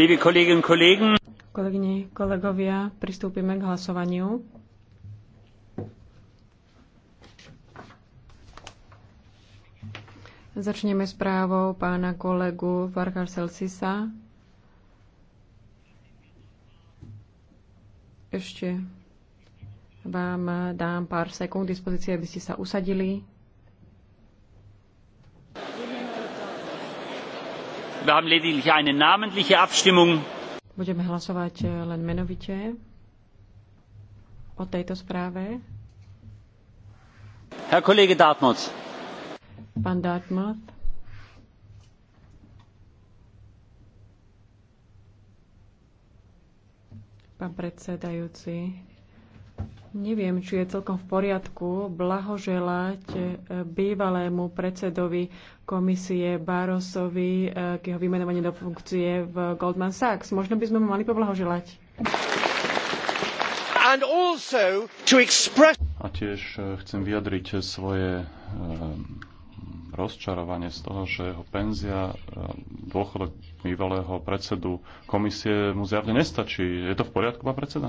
Liebe Kolleginnen und Kollegen, Kolegyne, kolegovia, pristúpime k hlasovaniu. Začneme správou pána kolegu Varga Selsisa. Ešte vám dám pár sekúnd dispozície, aby ste sa usadili. Wir haben lediglich eine namentliche Abstimmung. Budeme hlasovať eh, len menovite o tejto správe. Herr Kollege Dartmouth. Pán Dartmouth. Pán predsedajúci, Neviem, či je celkom v poriadku blahoželať e, bývalému predsedovi komisie Barosovi e, k jeho vymenovaniu do funkcie v Goldman Sachs. Možno by sme mu mali poblahoželať. A tiež e, chcem vyjadriť svoje rozčarovanie z toho, že jeho penzia, dôchodok bývalého predsedu komisie mu zjavne nestačí. Je to v poriadku, pán predseda?